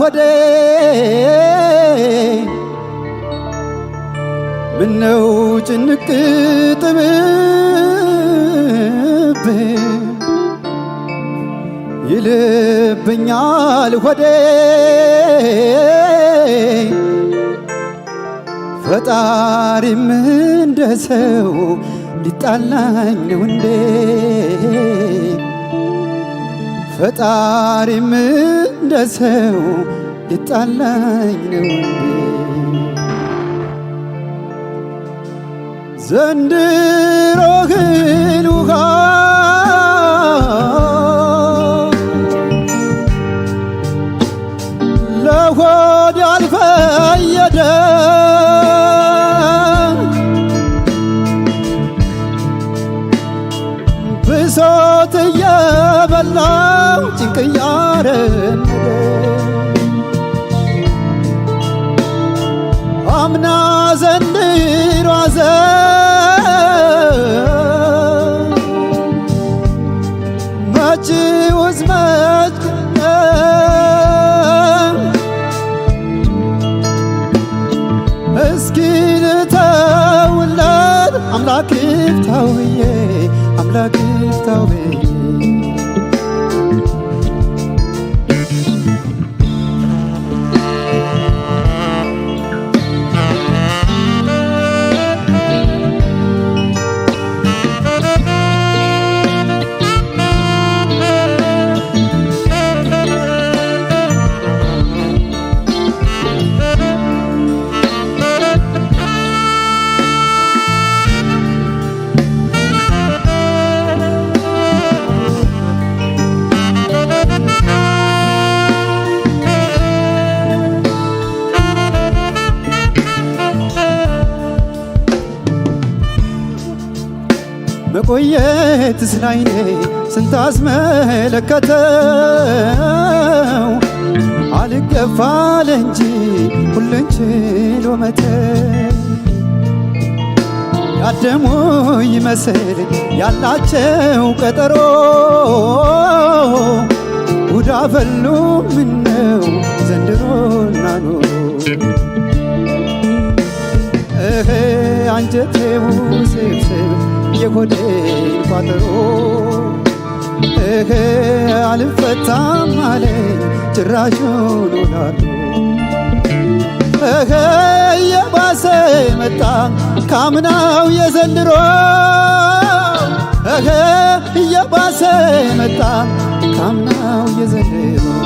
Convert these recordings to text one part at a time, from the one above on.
ሆዴ ምነው ጭንቅ ጥብብ ይልብኛል ሆዴ ፈጣሪ ምንደሰው ሊጣላኝ ነው እንዴ? ፈጣሪም እንደ ሰው ሊጣላኝ ነው ዘንድሮ ግን ውሃ ለሆድ ብሶት እየበላ ሀቅ እያረመደ አምና ዘንድሮ አዘ መች መች እስኪ ልተውለት አምላክ ይፍታው አምላክ ይፍታው መቆየት ስናይኔ ስንታስመለከተው አልገፋለ እንጂ ሁሉን ችሎ መተው ያደሙ ይመስል ያላቸው ቀጠሮ ጉዳ ፈሉ ምነው ዘንድሮ ናኖ እህ አንጀቴው ስብስብ የሆዴን ቋጠሮ እህ አልፈታም አለ ጭራሹን የባሰ መጣ ካምናው የዘንድሮ መጣ ካምናው የዘንድሮ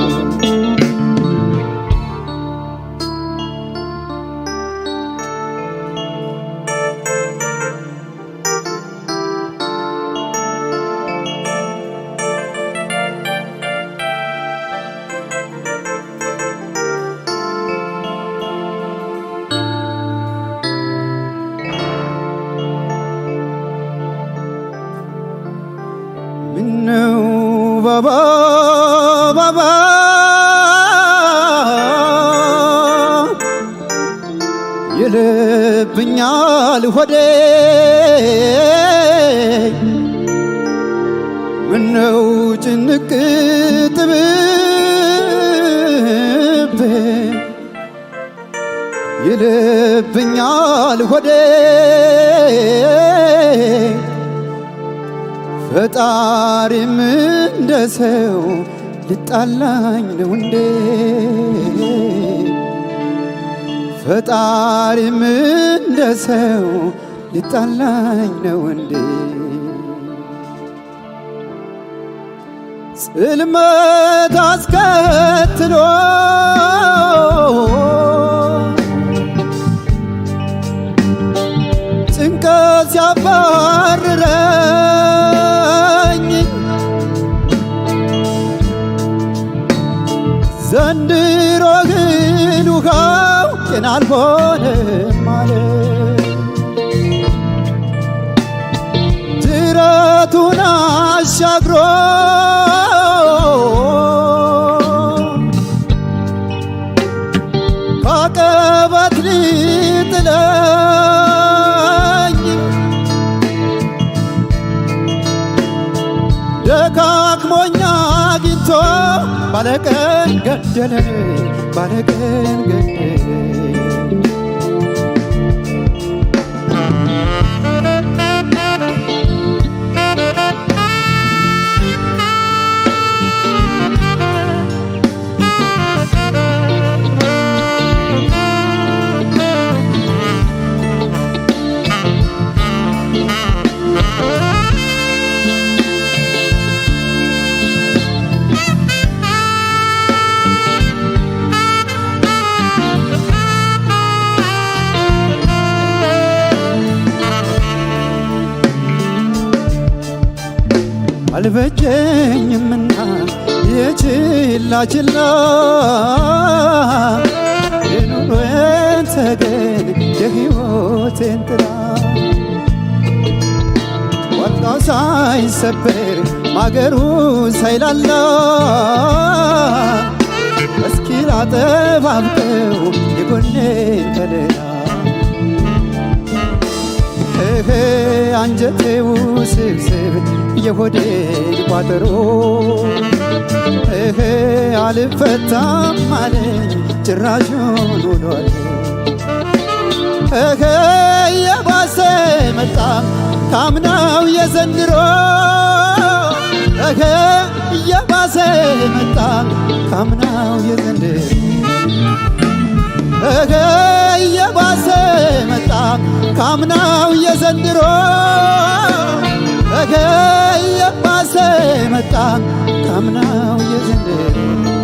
ይጮህብኛል ሆዴ ፈጣሪም እንደ ሰው ልጣላኝ ነው እንዴ? ፈጣሪም እንደ ሰው ልጣላኝ ነው እንዴ? ጽልመት አስከትሎ ሲያባርረኝ ዘንድሮ ግን ውሃው ቅን አልሆነም አለ ትረቱን አሻግሮ ባለቀን ገደለን ባለቀን ገደለን አልበጀኝምና የችላ ችላ የኑሮዬን ሰገን የሕይወቴን ጥላ ዋርካው ሳይሰበር ማገሩ ሳይላላ እስኪ ላጠባብቀው የጎኔን ከለላ አንጀቴ ውስብስብ የሆዴ ቋጠሮ እህ አልፈታም አለኝ ጭራሹን ውሏል እህ የባሰ መጣም ካምናው የዘንድሮ እህ የባሰ መጣም ካምናው የዘንድሮ እየባሰ መጣ ካምናው የዘንድሮ ነገ እየባሰ መጣ ካምናው የዘንድሮ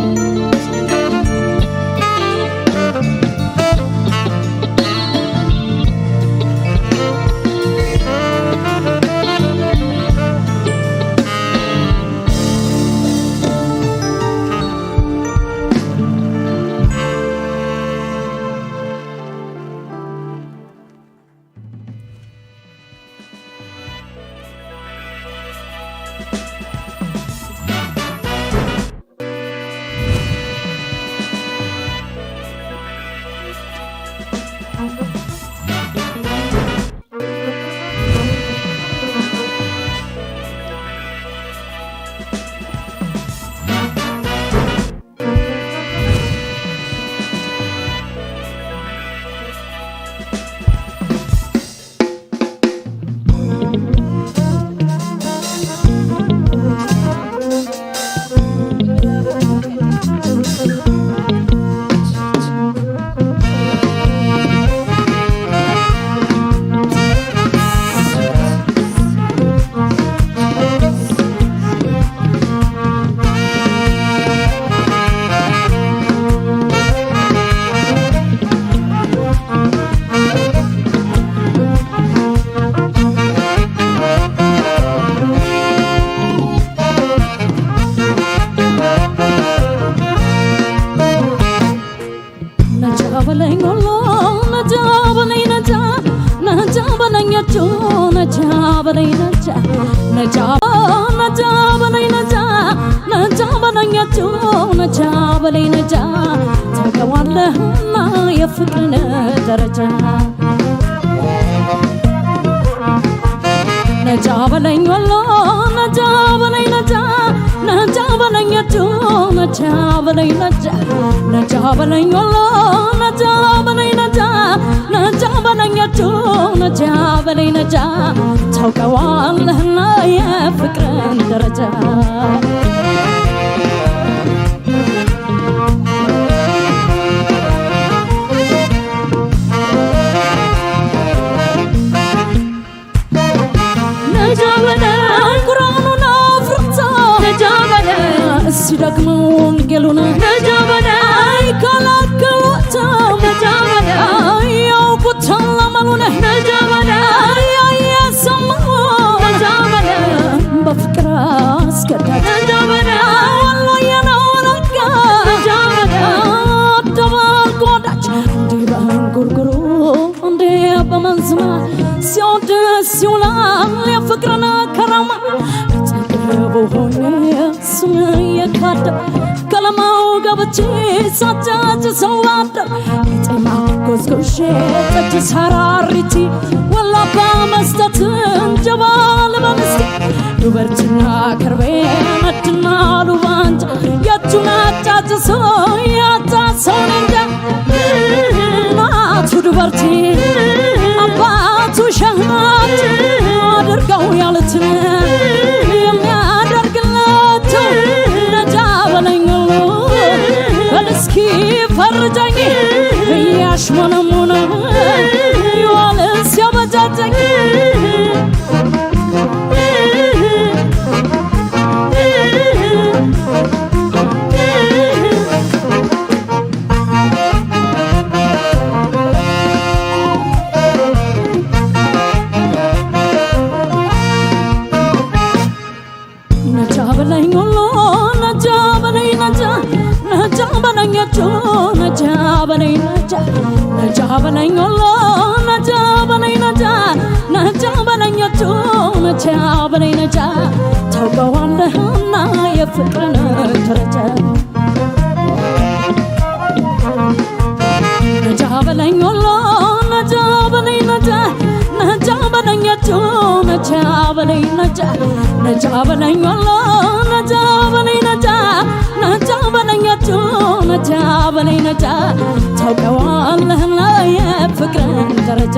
ፍቅርነ ደረጃ ነጃ በለኝ ወሎ ነጃ በለኝ ነጃ ነጃ በለኝ እጁ ነጃ በለኝ ነጃ ነጃ በለኝ ወሎ ነጃ በለኝ ነጃ ነጃ በለኝ እጁ ነጃ በለኝ ነጃ ታውቀዋለህና የፍቅርን ደረጃ ደግሞ ወንጌሉን አይከላከሉትም፣ አያውቁትም ለመሉን አያሰሙም በፍቅር ሲወድ ሲውላል የፍቅርን ከረማ ሳጭ ሳጫጭ ሰው አደር ጎዝጎሼ ጠጅ ሳራሪቲ ወላባ መስጠት እንጀባ ልበምስቲ ዱበርትና ከርቤ መድና ሉባንጭ የቱን አጫጭ ሰው ያጫ ሰው ነንጃ እናቱ ዱበርቲ አባቱ ሸሃት አድርገው ያሉትን wanna. በለኝ ወሎ ነጃ በለኝ ነጃ ነጃ በለኞቹ ነጃ በለኝ ነጃ ታውቀዋለህና የፍቅርን ደረጃ ነጃ በለኝ ወሎ ነጃ በለኝ ነጃ ነጃ በለኞቹ ነጃ በለኝ ነጃ ነጃ በለኝ ወሎ ነጃ በለኝ ነጃ ነጃ በለኞቹ ነጃ በላይ ነጃ ታውቀዋለህና የፍቅርን ደረጃ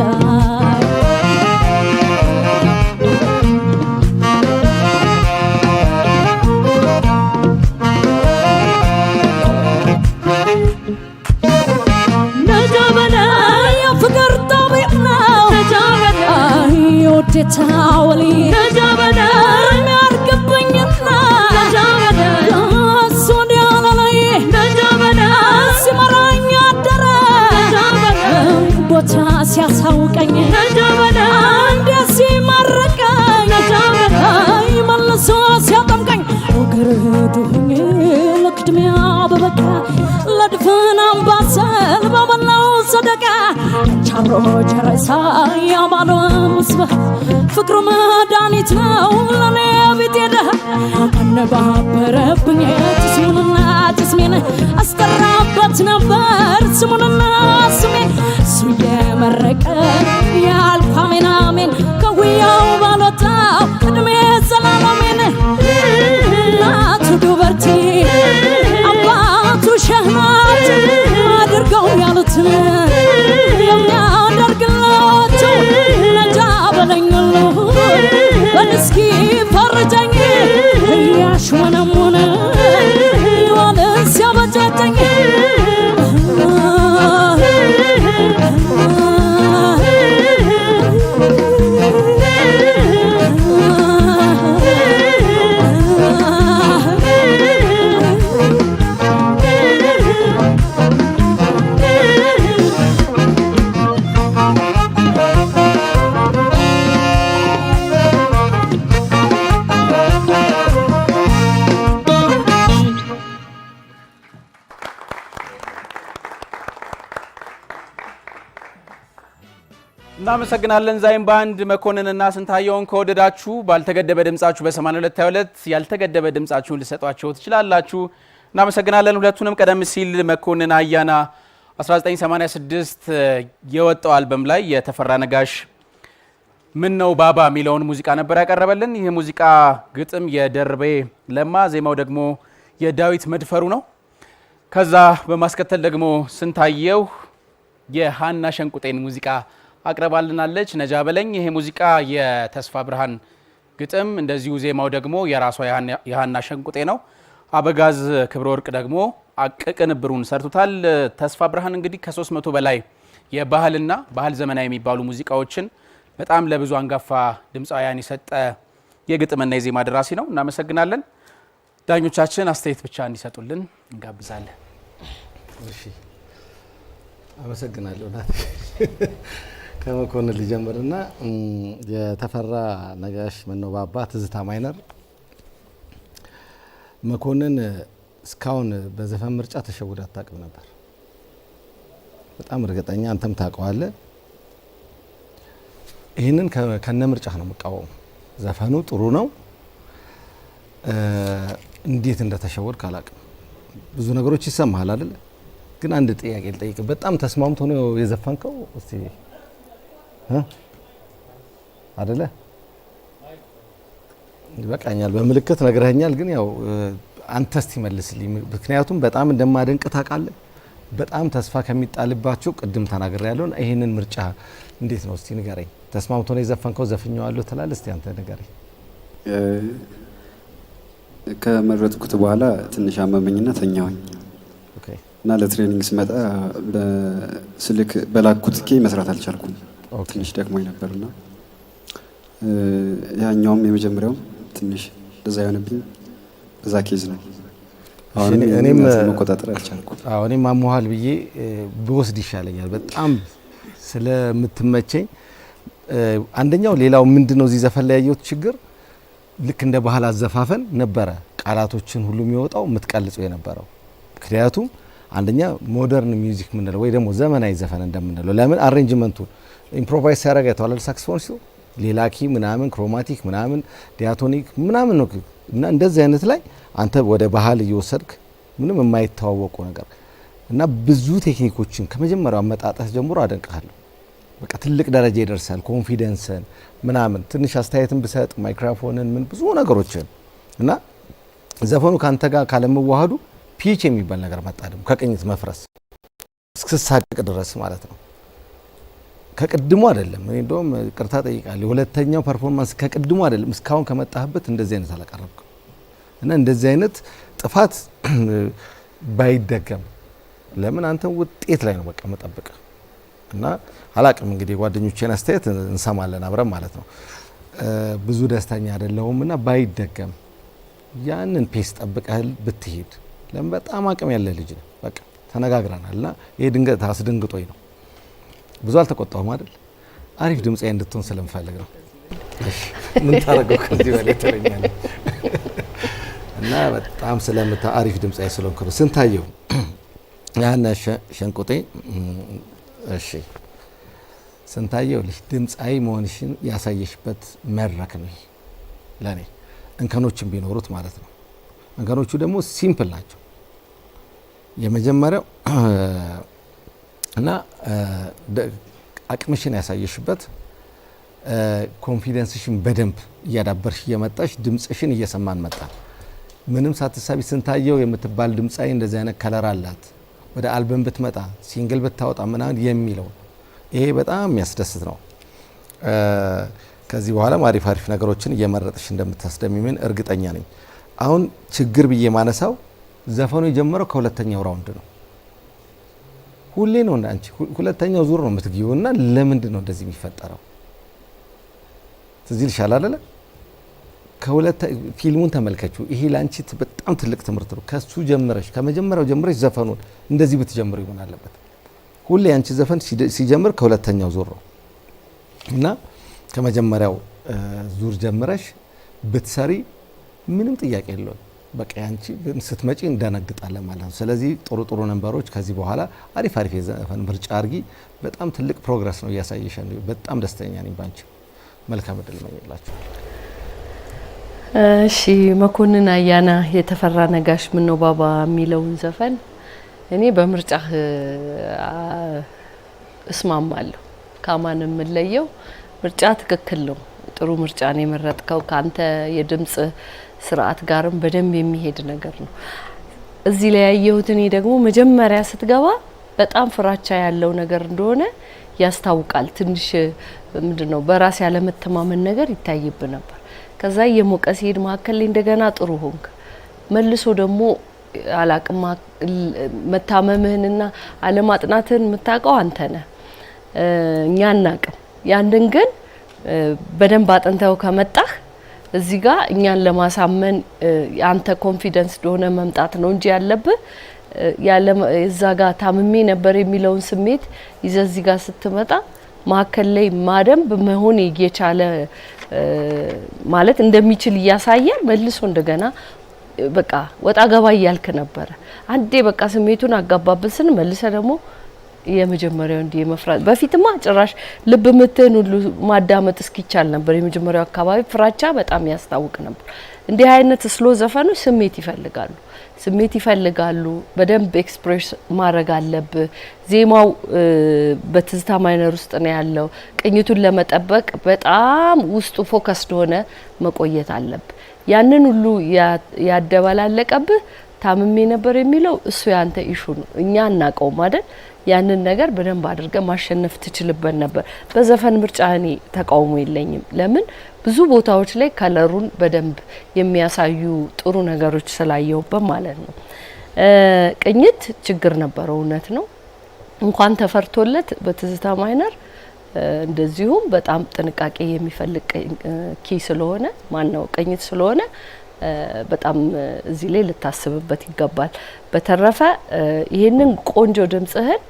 አብሮ ጨረሳ ያማረ ምስበህ ፍቅሩ መድኃኒት ነው ለኔ ቤት የለህ አነባ diz que እናመሰግናለን። ዛይም በአንድ መኮንንና ስንታየውን ከወደዳችሁ ባልተገደበ ድምጻችሁ በ8222 ያልተገደበ ድምጻችሁን ልሰጧቸው ትችላላችሁ። እናመሰግናለን። ሁለቱንም ቀደም ሲል መኮንን አያና 1986 የወጣው አልበም ላይ የተፈራ ነጋሽ ምን ነው ባባ የሚለውን ሙዚቃ ነበር ያቀረበልን። ይህ ሙዚቃ ግጥም የደርቤ ለማ፣ ዜማው ደግሞ የዳዊት መድፈሩ ነው። ከዛ በማስከተል ደግሞ ስንታየው የሀና ሸንቁጤን ሙዚቃ አቅርባልናለች። ነጃ በለኝ። ይሄ ሙዚቃ የተስፋ ብርሃን ግጥም፣ እንደዚሁ ዜማው ደግሞ የራሷ የሀና ሸንቁጤ ነው። አበጋዝ ክብረ ወርቅ ደግሞ ቅንብሩን ሰርቶታል። ተስፋ ብርሃን እንግዲህ ከሶስት መቶ በላይ የባህልና ባህል ዘመናዊ የሚባሉ ሙዚቃዎችን በጣም ለብዙ አንጋፋ ድምፃውያን የሰጠ የግጥምና የዜማ ደራሲ ነው። እናመሰግናለን። ዳኞቻችን አስተያየት ብቻ እንዲሰጡልን እንጋብዛለን። እሺ፣ አመሰግናለሁ። ከመኮንን ልጀምርና የተፈራ ነጋሽ መኖባባ ትዝታ ማይነር መኮንን እስካሁን በዘፈን ምርጫ ተሸውዳ አታውቅም ነበር። በጣም እርግጠኛ አንተም ታውቀዋለ። ይህንን ከነ ምርጫ ነው የምቃወሙ። ዘፈኑ ጥሩ ነው። እንዴት እንደተሸወድክ አላውቅም። ብዙ ነገሮች ይሰማሃል አይደል? ግን አንድ ጥያቄ ልጠይቅ። በጣም ተስማምቶ ነው የዘፈንከው? እስቲ አደለ? ይበቃኛል። በምልክት ነግረኛል፣ ግን ያው አንተ እስቲ መልስልኝ። ምክንያቱም በጣም እንደማደንቅ ታውቃለህ። በጣም ተስፋ ከሚጣልባቸው ቅድም ተናግሬ ያለውን ይህንን ምርጫ እንዴት ነው እስቲ ንገረኝ። ተስማምቶ ነው የዘፈንከው? ዘፍኘዋለሁ ትላለህ? እስቲ አንተ ንገረኝ። ከመረጥኩት በኋላ ትንሽ አመመኝና ተኛሁኝ እና ለትሬኒንግ ስመጣ በስልክ በላኩት ኬ መስራት አልቻልኩም። ትንሽ ደክሞኝ ነበርና ያኛውም የመጀመሪያው ትንሽ እንደዛ የሆነብኝ በዛ ኬዝ ነው። እኔም መቆጣጠር አልቻልኩም። እኔም አሞሃል ብዬ ብወስድ ይሻለኛል በጣም ስለምትመቸኝ። አንደኛው ሌላው ምንድን ነው እዚህ ዘፈን ላይ ያየሁት ችግር ልክ እንደ ባህል አዘፋፈን ነበረ ቃላቶችን ሁሉ የሚወጣው የምትቀልጾ የነበረው ምክንያቱም አንደኛ ሞደርን ሚውዚክ የምንለው ወይ ደግሞ ዘመናዊ ዘፈን እንደምንለው ለምን አሬንጅመንቱን ኢምፕሮቫይዝ ሲያደርግ አይተዋል። ሳክስፎን ሲሉ ሌላኪ ምናምን ክሮማቲክ ምናምን ዲያቶኒክ ምናምን ነው እና እንደዚህ አይነት ላይ አንተ ወደ ባህል እየወሰድክ ምንም የማይተዋወቁ ነገር እና ብዙ ቴክኒኮችን ከመጀመሪያው አመጣጠስ ጀምሮ አደንቅሃለሁ። በቃ ትልቅ ደረጃ ይደርሳል። ኮንፊደንስን ምናምን ትንሽ አስተያየትን ብሰጥ ማይክሮፎንን ምን ብዙ ነገሮችን እና ዘፈኑ ከአንተ ጋር ካለመዋሃዱ ፒች የሚባል ነገር መጣ ደግሞ ከቅኝት መፍረስ እስክሳድቅ ድረስ ማለት ነው። ከቅድሙ አይደለም። እኔ እንደውም ቅርታ ጠይቃለሁ። ሁለተኛው ፐርፎርማንስ ከቅድሙ አይደለም። እስካሁን ከመጣህበት እንደዚህ አይነት አላቀረብክም እና እንደዚህ አይነት ጥፋት ባይደገም ለምን አንተ ውጤት ላይ ነው በቃ መጠበቅ እና አላቅም እንግዲህ የጓደኞቼን አስተያየት እንሰማለን አብረን ማለት ነው። ብዙ ደስተኛ አይደለሁም እና ባይደገም ያንን ፔስ ጠብቀህል ብትሄድ ለምን በጣም አቅም ያለ ልጅ ነው። በቃ ተነጋግረናል እና ይሄ ድንገት አስደንግጦኝ ነው ብዙ አልተቆጣሁም አይደል? አሪፍ ድምፅ እንድትሆን ስለምፈልግ ነው። ምን ታደርገው ከዚህ በላይ ተለኛለ እና በጣም ስለምታ አሪፍ ድምፅ ስለሆንክ ነው። ስንታየው ያህና ሸንቁጤ እሺ፣ ስንታየው ልሽ ድምፃዊ መሆንሽን ያሳየሽበት መድረክ ነው ለእኔ እንከኖችን ቢኖሩት ማለት ነው። እንከኖቹ ደግሞ ሲምፕል ናቸው። የመጀመሪያው እና አቅምሽን ያሳየሽበት ኮንፊደንስሽን በደንብ እያዳበርሽ እየመጣሽ ድምፅሽን እየሰማን መጣ። ምንም ሳትሳቢ ስንታየው የምትባል ድምፃዊ እንደዚህ አይነት ከለር አላት። ወደ አልበም ብትመጣ ሲንግል ብታወጣ ምናምን የሚለው ይሄ በጣም የሚያስደስት ነው። ከዚህ በኋላም አሪፍ አሪፍ ነገሮችን እየመረጥሽ እንደምታስደሚምን እርግጠኛ ነኝ። አሁን ችግር ብዬ ማነሳው ዘፈኑ የጀመረው ከሁለተኛው ራውንድ ነው። ሁሌ ነው አንቺ ሁለተኛው ዙር ነው የምትጊው እና ለምንድን ነው እንደዚህ የሚፈጠረው? ትዚህ ልሻል አለለ ፊልሙን ተመልከችው። ይሄ ለአንቺ በጣም ትልቅ ትምህርት ነው። ከሱ ጀምረሽ ከመጀመሪያው ጀምረሽ ዘፈኑን እንደዚህ ብትጀምሩ ይሆን አለበት። ሁሌ አንቺ ዘፈን ሲጀምር ከሁለተኛው ዙር ነው እና ከመጀመሪያው ዙር ጀምረሽ ብትሰሪ ምንም ጥያቄ የለውም። በቃ ያንቺ ስትመጪ እንደነግጣለን ማለት ነው። ስለዚህ ጥሩ ጥሩ ነንበሮች ከዚህ በኋላ አሪፍ አሪፍ የዘፈን ምርጫ አርጊ። በጣም ትልቅ ፕሮግረስ ነው እያሳየሽ። በጣም ደስተኛ ነኝ ባንቺ። መልካም እድል መኝላችሁ። እሺ መኮንን አያና የተፈራ ነጋሽ ምን ነው ባባ የሚለውን ዘፈን እኔ በምርጫ እስማማለሁ። ከማን የምለየው ምርጫ ትክክል ነው። ጥሩ ምርጫ ነው የመረጥከው ከአንተ የድምጽ ስርዓት ጋርም በደንብ የሚሄድ ነገር ነው። እዚህ ላይ ያየሁት እኔ ደግሞ መጀመሪያ ስትገባ በጣም ፍራቻ ያለው ነገር እንደሆነ ያስታውቃል። ትንሽ ምንድን ነው በራስ ያለመተማመን ነገር ይታይብ ነበር። ከዛ እየሞቀ ሲሄድ መካከል ላይ እንደገና ጥሩ ሆንክ። መልሶ ደግሞ አላቅም መታመምህንና አለማጥናትህን የምታውቀው አንተ ነህ፣ እኛ አናቅም። ያንን ግን በደንብ አጥንተው ከመጣህ እዚህ ጋር እኛን ለማሳመን አንተ ኮንፊደንስ እንደሆነ መምጣት ነው እንጂ ያለብህ እዛ ጋር ታምሜ ነበር የሚለውን ስሜት ይዘ እዚህ ጋር ስትመጣ ማዕከል ላይ ማደንብ መሆን እየቻለ ማለት እንደሚችል እያሳየ መልሶ እንደገና በቃ ወጣ ገባ እያልክ ነበረ። አንዴ በቃ ስሜቱን አጋባብን ስን መልሰ ደግሞ የመጀመሪያው እንዲህ የመፍራት በፊትማ ጭራሽ ልብ ምትን ሁሉ ማዳመጥ እስኪቻል ነበር። የመጀመሪያው አካባቢ ፍራቻ በጣም ያስታውቅ ነበር። እንዲህ አይነት ስሎ ዘፈኖች ስሜት ይፈልጋሉ፣ ስሜት ይፈልጋሉ። በደንብ ኤክስፕሬስ ማድረግ አለብህ። ዜማው በትዝታ ማይነር ውስጥ ነው ያለው። ቅኝቱን ለመጠበቅ በጣም ውስጡ ፎከስ እንደሆነ መቆየት አለብህ። ያንን ሁሉ ያደባላለቀብህ ታምሜ ነበር የሚለው እሱ ያንተ ኢሹ ነው። እኛ እናቀውም አይደል ያንን ነገር በደንብ አድርገ ማሸነፍ ትችልበት ነበር። በዘፈን ምርጫ እኔ ተቃውሞ የለኝም። ለምን ብዙ ቦታዎች ላይ ከለሩን በደንብ የሚያሳዩ ጥሩ ነገሮች ስላየውበት ማለት ነው። ቅኝት ችግር ነበረው፣ እውነት ነው። እንኳን ተፈርቶለት በትዝታ ማይነር እንደዚሁም በጣም ጥንቃቄ የሚፈልግ ኪ ስለሆነ ማነው ቅኝት ስለሆነ በጣም እዚህ ላይ ልታስብበት ይገባል። በተረፈ ይህንን ቆንጆ ድምጽህን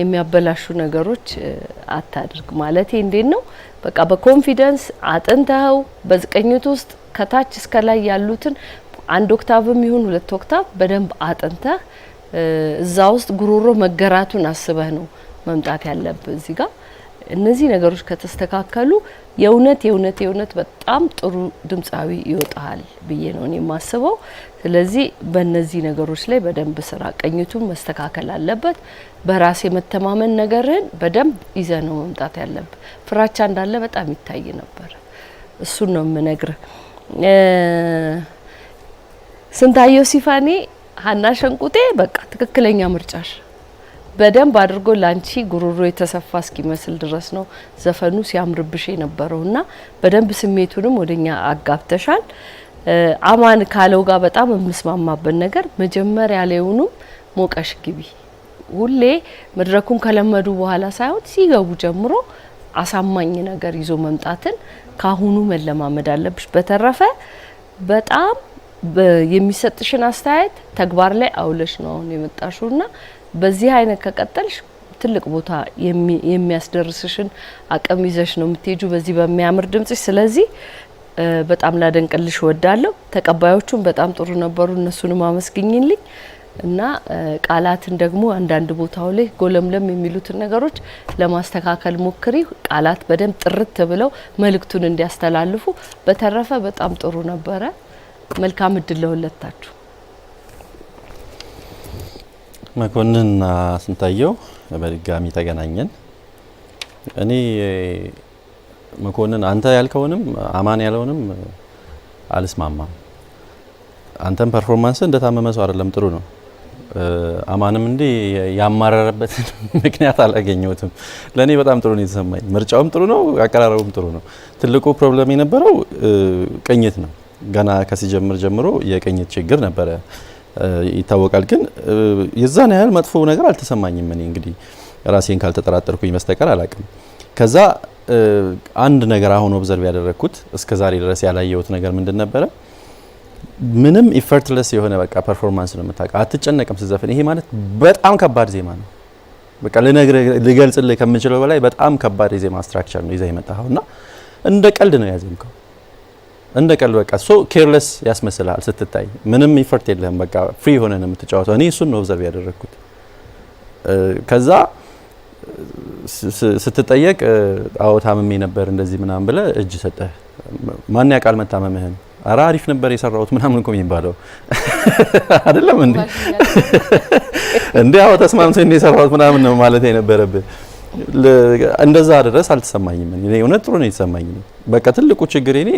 የሚያበላሹ ነገሮች አታድርግ። ማለት እንዴት ነው? በቃ በኮንፊደንስ አጥንተኸው በዝቅኝት ውስጥ ከታች እስከ ላይ ያሉትን አንድ ኦክታቭም ይሁን ሁለት ኦክታቭ በደንብ አጥንተህ እዛ ውስጥ ጉሮሮ መገራቱን አስበህ ነው መምጣት ያለብህ እዚህ ጋር እነዚህ ነገሮች ከተስተካከሉ የእውነት የእውነት የእውነት በጣም ጥሩ ድምፃዊ ይወጣል ብዬ ነው የማስበው። ስለዚህ በእነዚህ ነገሮች ላይ በደንብ ስራ፣ ቅኝቱን መስተካከል አለበት። በራስ የመተማመን ነገርን በደንብ ይዘ ነው መምጣት ያለብህ። ፍራቻ እንዳለ በጣም ይታይ ነበር። እሱን ነው የምነግርህ። ስንታየሁ ሲፋኔ፣ ሀና ሸንቁጤ በቃ ትክክለኛ ምርጫሽ በደንብ አድርጎ ላንቺ ጉሮሮ የተሰፋ እስኪመስል ድረስ ነው ዘፈኑ ሲያምርብሽ የነበረው እና በደንብ ስሜቱንም ወደኛ አጋብተሻል። አማን ካለው ጋር በጣም የምስማማበት ነገር መጀመሪያ ላይውኑም ሞቀሽ ግቢ። ሁሌ መድረኩን ከለመዱ በኋላ ሳይሆን ሲገቡ ጀምሮ አሳማኝ ነገር ይዞ መምጣትን ካሁኑ መለማመድ አለብሽ። በተረፈ በጣም የሚሰጥሽን አስተያየት ተግባር ላይ አውለሽ ነው አሁን የመጣሽውና በዚህ አይነት ከቀጠልሽ ትልቅ ቦታ የሚያስደርስሽን አቅም ይዘሽ ነው የምትሄጁ በዚህ በሚያምር ድምጽሽ። ስለዚህ በጣም ላደንቅልሽ ወዳለሁ። ተቀባዮቹን በጣም ጥሩ ነበሩ፣ እነሱንም አመስግኝልኝ እና ቃላትን ደግሞ አንዳንድ ቦታው ላይ ጎለምለም የሚሉትን ነገሮች ለማስተካከል ሞክሪ። ቃላት በደንብ ጥርት ብለው መልእክቱን እንዲያስተላልፉ። በተረፈ በጣም ጥሩ ነበረ። መልካም እድል ለሁለታችሁ። መኮንንና ስንታየው በድጋሚ ተገናኘን። እኔ መኮንን አንተ ያልከውንም አማን ያለውንም አልስማማም። አንተም ፐርፎርማንስ እንደታመመ ሰው አይደለም፣ ጥሩ ነው። አማንም እንዲህ ያማረረበትን ምክንያት አላገኘሁትም። ለእኔ በጣም ጥሩ ነው የተሰማኝ። ምርጫውም ጥሩ ነው፣ አቀራረቡም ጥሩ ነው። ትልቁ ፕሮብለም የነበረው ቅኝት ነው። ገና ከሲጀምር ጀምሮ የቅኝት ችግር ነበረ። ይታወቃል። ግን የዛን ያህል መጥፎ ነገር አልተሰማኝም። እኔ እንግዲህ ራሴን ካልተጠራጠርኩኝ በስተቀር አላቅም። ከዛ አንድ ነገር አሁን ኦብዘርቭ ያደረግኩት እስከ ዛሬ ድረስ ያላየሁት ነገር ምንድን ነበረ? ምንም ኢፈርትለስ የሆነ በቃ ፐርፎርማንስ ነው የምታውቀው። አትጨነቅም ስዘፍን። ይሄ ማለት በጣም ከባድ ዜማ ነው። በቃ ልነግርህ ልገልጽልህ ከምችለው በላይ በጣም ከባድ የዜማ ስትራክቸር ነው ይዘህ የመጣኸው እና እንደ ቀልድ ነው ያዜምከው እንደ ቀልድ በቃ ሶ ኬርለስ ያስመስልሃል ስትታይ፣ ምንም ይፈርት የለህም። በቃ ፍሪ ሆነ ነው የምትጫወተው። እኔ እሱን ነው ኦብዘርቭ ያደረግኩት። ከዛ ስትጠየቅ አዎ ታምሜ ነበር እንደዚህ ምናምን ብለህ እጅ ሰጠህ። ማን ያውቃል መታመምህን? ኧረ አሪፍ ነበር የሰራሁት ምናምን እኮ የሚባለው አይደለም እንዴ? እንዴ አዎ ተስማምቶ እንደ የሰራሁት ምናምን ነው ማለት የነበረብህ። እንደዛ ድረስ አልተሰማኝም። እኔ እውነት ጥሩ ነው የተሰማኝ። በቃ ትልቁ ችግር እኔ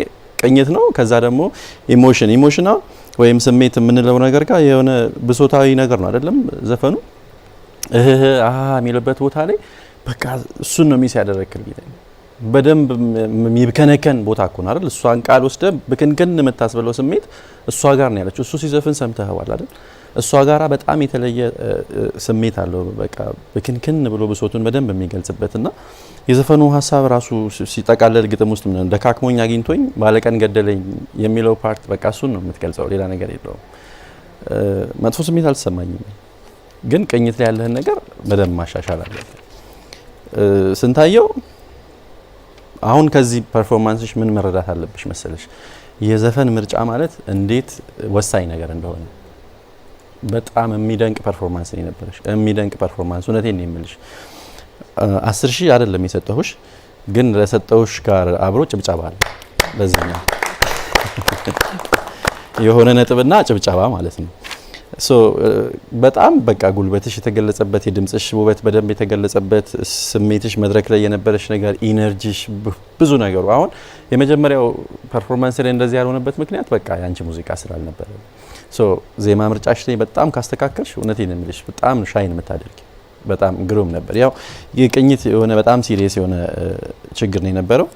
ቅኝት ነው። ከዛ ደግሞ ኢሞሽን ኢሞሽናል ወይም ስሜት የምንለው ነገር ጋር የሆነ ብሶታዊ ነገር ነው አይደለም ዘፈኑ እህ የሚልበት ቦታ ላይ በቃ እሱን ነው ሚስ ያደረግክል በደንብ የሚብከነከን ቦታ እኮ ነው አይደል? እሷን ቃል ወስደ ብክንክን የምታስብለው ስሜት እሷ ጋር ነው ያለችው። እሱ ሲዘፍን ሰምተኸዋል አይደል? እሷ ጋራ በጣም የተለየ ስሜት አለው። በቃ በክንክን ብሎ ብሶቱን በደንብ የሚገልጽበትና የዘፈኑ ሀሳብ ራሱ ሲጠቃለል ግጥም ውስጥ ምን ደካክሞኝ አግኝቶኝ ባለቀን ገደለኝ የሚለው ፓርት በቃ እሱን ነው የምትገልጸው። ሌላ ነገር የለውም። መጥፎ ስሜት አልተሰማኝም፣ ግን ቅኝት ላይ ያለህን ነገር በደንብ ማሻሻል አለብህ። ስንታየው አሁን ከዚህ ፐርፎርማንስሽ ምን መረዳት አለብሽ መሰለሽ? የዘፈን ምርጫ ማለት እንዴት ወሳኝ ነገር እንደሆነ በጣም የሚደንቅ ፐርፎርማንስ ነው የነበረሽ። የሚደንቅ ፐርፎርማንስ እውነቴን ነው የምልሽ። አስር ሺህ አይደለም የሰጠሁሽ፣ ግን ለሰጠሁሽ ጋር አብሮ ጭብጨባ አለ። ለዚህኛው የሆነ ነጥብና ጭብጨባ ማለት ነው። በጣም በቃ ጉልበትሽ የተገለጸበት የድምጽሽ ውበት በደንብ የተገለጸበት ስሜትሽ፣ መድረክ ላይ የነበረሽ ነገር፣ ኢነርጂሽ፣ ብዙ ነገሩ። አሁን የመጀመሪያው ፐርፎርማንስ ላይ እንደዚህ ያልሆነበት ምክንያት በቃ የአንቺ ሙዚቃ ስላልነበረ ዜማ ምርጫሽ ላይ በጣም ካስተካከልሽ እውነቴን የምልሽ በጣም ሻይን የምታደርጊ በጣም ግሩም ነበር። ያው የቅኝት የሆነ በጣም ሲሪየስ የሆነ ችግር ነው የነበረው።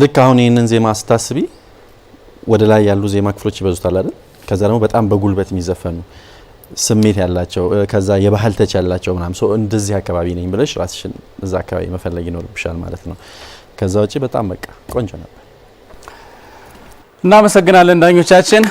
ልክ አሁን ይህንን ዜማ ስታስቢ ወደ ላይ ያሉ ዜማ ክፍሎች ይበዙታል አይደል? ከዛ ደግሞ በጣም በጉልበት የሚዘፈኑ ስሜት ያላቸው ከዛ የባህል ተች ያላቸው ምናም ሰው እንደዚህ አካባቢ ነኝ ብለሽ ራስሽን እዛ አካባቢ መፈለግ ይኖርብሻል ማለት ነው። ከዛ ውጭ በጣም በቃ ቆንጆ ነበር። እናመሰግናለን ዳኞቻችን።